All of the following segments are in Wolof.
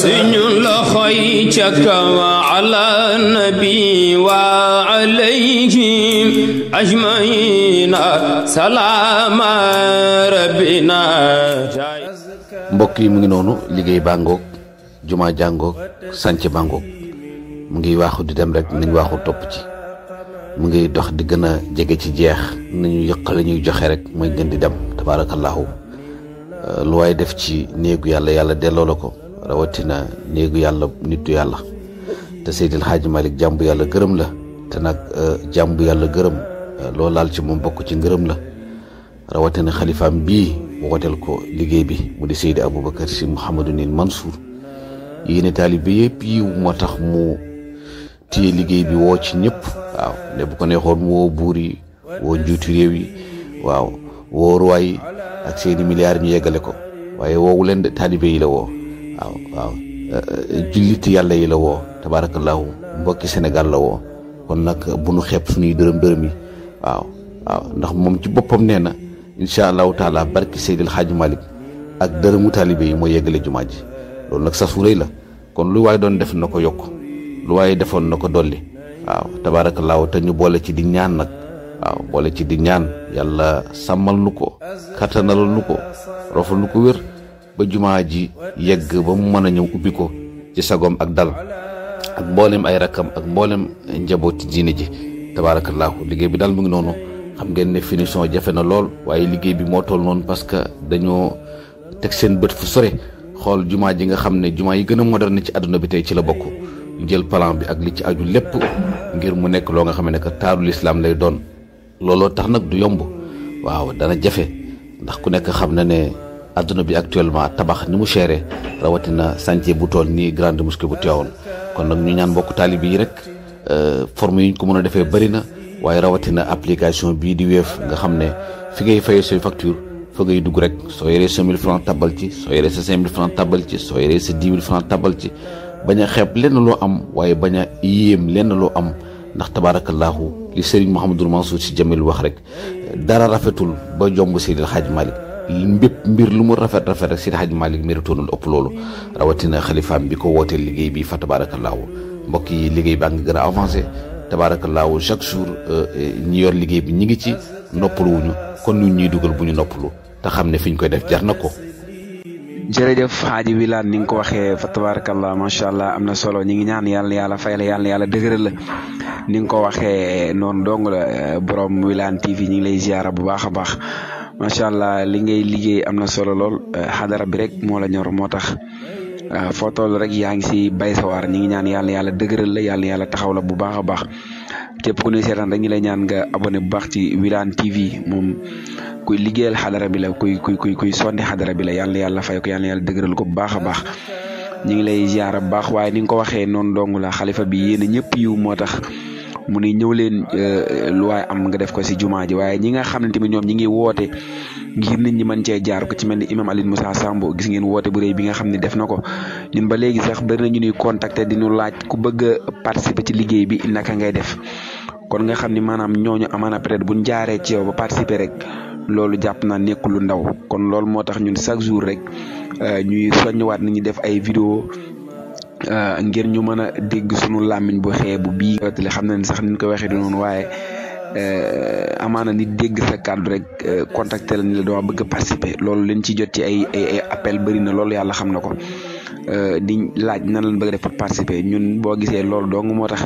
suñu loxoy ca kaw ala nabi wa alayhim ajmaina salaama rabbina mbokk yi mu ngi noonu liggéey bàngook jumaa jàngoog sànc bàngoog mu ngi waaxu di dem rek nañ waaxu topp ci mu ngi dox di gën a jege ci jeex nañu yëq la ñuy joxe rek mooy gën di dem tabaarakallaahu lu waay def ci néegu yàlla yàlla delloo la ko rawatina néegu yàlla nittu yàlla te Seydil Hadji Malick jàmb yàlla gërëm la te nag euh, jàmb yàlla gërëm euh, lool laal ci moom bokk ci ngërëm la rawatina xalifa bii wooteel ko liggéey bi mu di Seydi Aboubacar Sy Mouhamadunil Mansour yéene taalibe yëpp yiw moo tax mu téye liggéey bi woo ci ñëpp waaw ne bu ko neexoon woo buur yi woo njiitu waaw woo ruwaay ak seeni milliards ñu yeggale ko waaye woowu leen de la woo waaw waaw eh, eh, yàlla yi la woo tabaarakallaahu mbokki Sénégal la woo kon nag bu nu xeeb suñuy dërëm dërëm yi waaw waaw ndax moom ci boppam nee na incha allahu taala barki Seydil Xaaji Malick ak dërëmu taalibe yi mooy yeggale jumaa ji loolu nag sasu rëy la kon lu waaye doon def na ko yokk lu waaye defoon na ko dolli waaw tabaarakallaahu te ñu boole ci di ñaan nag waaw boole ci di ñaan yàlla sàmmal nu ko kattanalal nu ko rofal nu ko wér ba jumaa ji yegg ba mu mën a ñëw ubbi ko ci sagoom ak dal ak mboolem ay rakkam ak mboolem njabooti diine ji tabaarakallaahu liggéey bi daal mu ngi noonu xam ngeen ne finition jafe na lool waaye liggéey bi moo toll noonu parce que dañoo teg seen bët fu sore xool jumaa ji nga xam ne jumaa yi gën a moderne ci àdduna bi tey ci la bokk jël plan bi ak li ci aju lépp ngir mu nekk loo nga xam ne que taaru lislaam lay doon looloo tax nag du yomb waaw dana jafe ndax ku nekk xam na ne àdduna bi actuellement tabax ni mu chéré rawatina chantier bu tool nii grande mosquée bu Tivaouane kon nag ñu ñaan mbokk taalib yi rek euh, forme yi ñu ko mën a defee bëri na waaye rawatina application bii di weef nga xam ne fi ngay fayee say facture foo ngay dugg rek soo yoree sa 1000 francs tabal ci soo yoree sa 5000 francs tabal ci soo yoree sa 10 tabal ci baña a lenn loo am waaye bañ a yéem lenn loo am ndax tabaarakallaahu li Serigne Mouhamadul Mansour si Jamil wax rek dara rafetul ba jomb Seydil Hadj Malick mbépp mbir lu mu rafet rafet rek Seydi Hadji Malick méritoonul ëpp loolu rawatina xalifaam bi ko wootee liggéey bi fa tabaarakallaahu mbokk yi liggéey baa ngi gën a avancé tabaarakallaahu chaque jour euh, ñi yor liggéey bi ñi ngi ci noppaluwuñu kon nu ñuy dugal bu ñu noppalu te xam ne fi ñu koy def jar na ko. jërëjëf xaaji Wilane ni nga ko waxee fa tabarakallah macha allah am na solo ñi ngi ñaan yàlla yàlla fay la yàlla yàlla dëgëral la ni nga ko waxee noon dong la euh, borom Wilane TV ñi ngi lay ziara bu baax a baax. macha allah li liggéey am na solo lool eh, xadara bi rek moo la ñor moo tax eh, foo toll rek yaa ngi si bay sawaar ñi ngi ñaan yàlla yàlla dëgëral la yàlla yàlla taxaw la bu baax a baax képp ku ñuy seetaan rek lay ñaan nga abonné bu baax ci Wilane TV moom kuy liggéeyal xadara bi la kuy kuy kuy kuy sondi xadara bi la yàlla yàlla fay ko yàlla yàlla dëgëral ko bu baax a baax. ñu ngi lay ziara bu baax waaye ni nga ko waxee noonu dong la xalifa bi yéen a ñëpp yiw moo tax. mu ne ñew leen euh, loi am nga def ko si juma ji waye ñi nga xam ne tamit ñi ngi wote ngir nit ñi mën ci jaar ko ci melni imam ali Musa Sambo gis ngeen wote bu reey bi nga def nako ñun ba legi sax dañ na ñu ñuy contacter di ñu laaj ku bëgg participer ci liggéey bi naka ngay def kon nga xam ni ñoñu amana peut-être buñ jaaree ci yow ba participer rek lolu japp na nekku lu ndaw kon lolu motax ñun chaque jour rek euh, ñuy ni ñi def ay vidéo Euh, ngir ñu mën a dégg sunu làmmiñ bu xeebu bii euh, li xam na ni sax niñ ko waxee du noonu waaye euh, amaana nit dégg sa kàddu rek contacté la ni doo bëgg a participer loolu leen ci jot ci ay ay appel na loolu yàlla xam na ko di laaj nan lañ participer ñun boo gisee loolu dong moo tax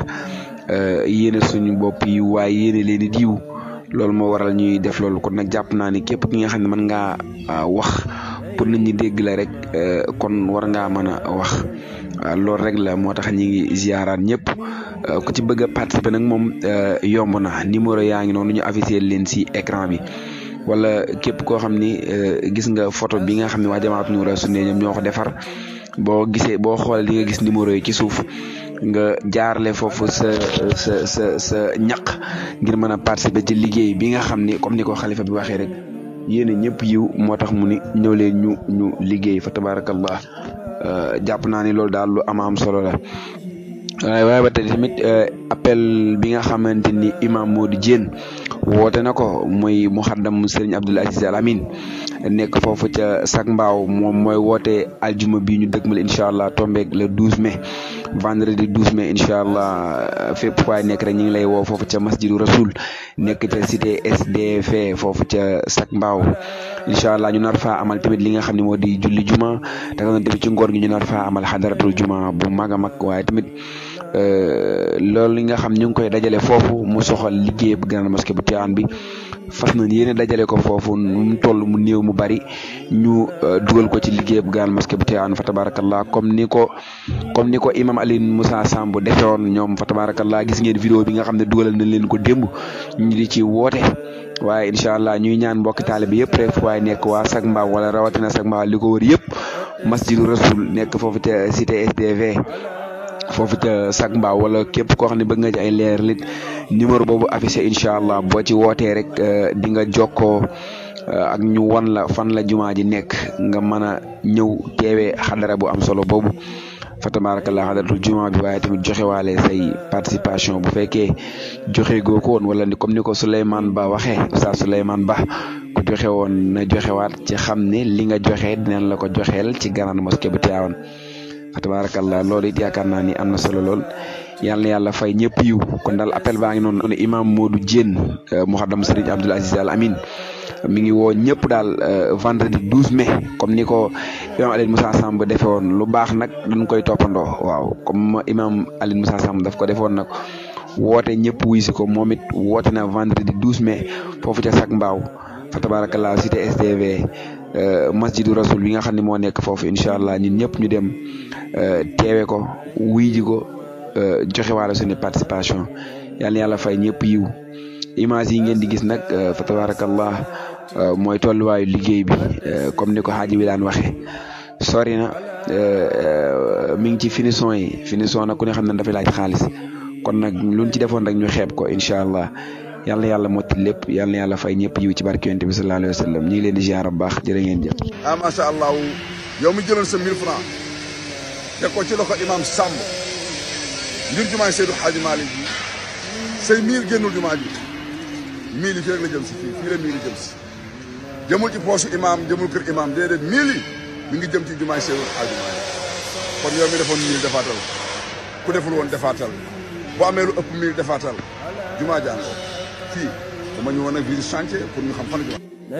yéene suñu bopp yi waaye yéene leen di diw loolu moo waral ñuy def loolu kon nag jàpp naa ne képp ki nga xam ne mën ngaa wax pour nit ñi dégg la rek euh, kon war ngaa mën a wax loolu rek la moo tax ñi ngi ziaraat ñëpp euh, ku ci bëgg a participer nag moom euh, yomb na numéro yaa ngi noonu ñu affiché leen si écran bi wala képp koo xam ni gis nga photo bi nga xam ne waa Jamaahiratoul Nourayni Sunna ñoom ñoo ko defar boo gisee boo xoolee di nga gis numéro yi ci suuf nga jaarle foofu sa sa sa sa ñaq ngir mën a participer ci liggéey bi nga xam ni comme ni ko xalifa bi waxee rek. yéene ñëpp yiw moo tax mu ni ñëw leen ñu ñu liggéey fa tabaarakallah euh, jàpp naa ni loolu daal lu ama am solo la waaye ba tey tamit euh, appel bi nga xamante ni imam Modou Dieng woote na ko muy muxaddam Serigne Abdoul Aziz Al Amin nekk foofu ca Sac Mbao moom mooy woote aljuma bi ñu dëgmal incha allah tombeeg le 12 mais vendredi 12 mai incha allah euh, fépp fay nekk rek ñu ngi lay woo foofu ca masjidu rasul nekk ca cité SDF foofu ca Sac Mbao incha allah ñu nar faa amal tamit li nga xam ne moo di julli juma te noonu tamit ci ngoor gi ñu nar faa amal xadaratul juma bu mag a mag waaye tamit euh, loolu li nga xam ñu ngi koy dajale foofu mu soxal liggéey bu Grande Mosquée bu Tivaouane bi. fas nañ yéene dajale ko foofu nu mu toll mu néew mu bari ñu euh, dugal ko ci liggéey liggéeyab Grande Mosquée bu Tivaouane fa a comme ni ko comme ni ko imam Alioune Moussa Samb defe woon ñoom fa tabarakallah gis ngeen vidéo bi nga xam ne dugalal nañ leen ko démb ñu di ci woote waaye incha allah ñuy ñaan mbokki taalibe yëpp rek fu waaye nekk wa Sac Mbao wala rawatina Sac Mbao li ko wër yëpp masjidu rasul nekk foofu te cité SDV foofu ca sac mbaaw wala képp koo xam ne bëgg nga ci ay leer lit numéro boobu affiché incha allah boo ci wootee rek euh, di nga jokkoo euh, ak ñu wan la fan la jumaa ji nekk nga mën a ñëw teewee xadara bu am solo boobu fa tabarakallah xadaratul jumaa bi waaye tamit joxewaale say participation bu fekkee joxe goo ko woon wala ni comme ni ko Souleymane Ba waxee Oustaz Souleymane Ba ku joxe woon na joxewaat ci xam ne li nga joxe dinañ la ko joxeel ci Grande Mosquée bu Tivaouane tabaarakallaa loolu it yaakaar na ni am na solo lool yal na yàlla fay ñëpp yiw kon daal appel baa ngi noonu imam Modou Diène Mouhadam Serigne Abdoul Aziz Al Amin mi ngi woo ñëpp daal euh, vendredi 12 mai comme ni ko imam Samb defe woon lu baax nag dañ koy toppandoo waaw comme imam Alioune Moussa Samb daf ko defe na nag woote ñëpp wuy si ko moom it woote na vendredi 12 mai foofu ca Sac Mbao fa tabaarakallaa cité SDV euh, masjidu rasul bi nga xam ne moo nekk foofu incha allah ñun ñëpp ñu dem Euh, teewe ko wuy ji ko euh, joxe waale suñu participation yal na yàlla fay ñëpp yiw image yi ngeen di gis nag euh, fa tabarakallah mooy tolluwaayu liggéey bi comme ni ko xaaji bi daan waxe sori na mi ngi ci finition yi finition nag ku ne xam ne dafay laaj xaalis kon nag luñ ci defoon rek ñu xeep ko incha allah yal yàlla motti lépp yal yàlla fay ñëpp yiw ci barke yonent bi sallallahu alayhi wa ngi leen di ziar bu baax jërë ngeen jëf. ah macha allah teg ko ci loxo imaam Samb ngir jumaay Seydou Hadji Malick ji say miir génnul jumaa ji miil yi fii rek la jëm si fii fii la miil yi jëm si jëmul ci poosu imaam jëmul kër imaam déedéet miil yi mi ngi jëm ci jumaay Seydou Hadji Malick kon yow mi defoon miil defaatal ku deful woon defaatal boo amee lu ëpp miil defaatal jumaa jàngoo fii dama ñu woon ak biir chantier pour ñu xam fan la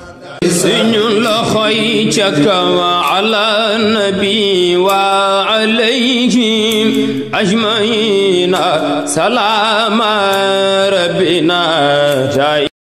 سن لخيتك وعلى النبي وعليهم أجمعين سلام ربنا جاي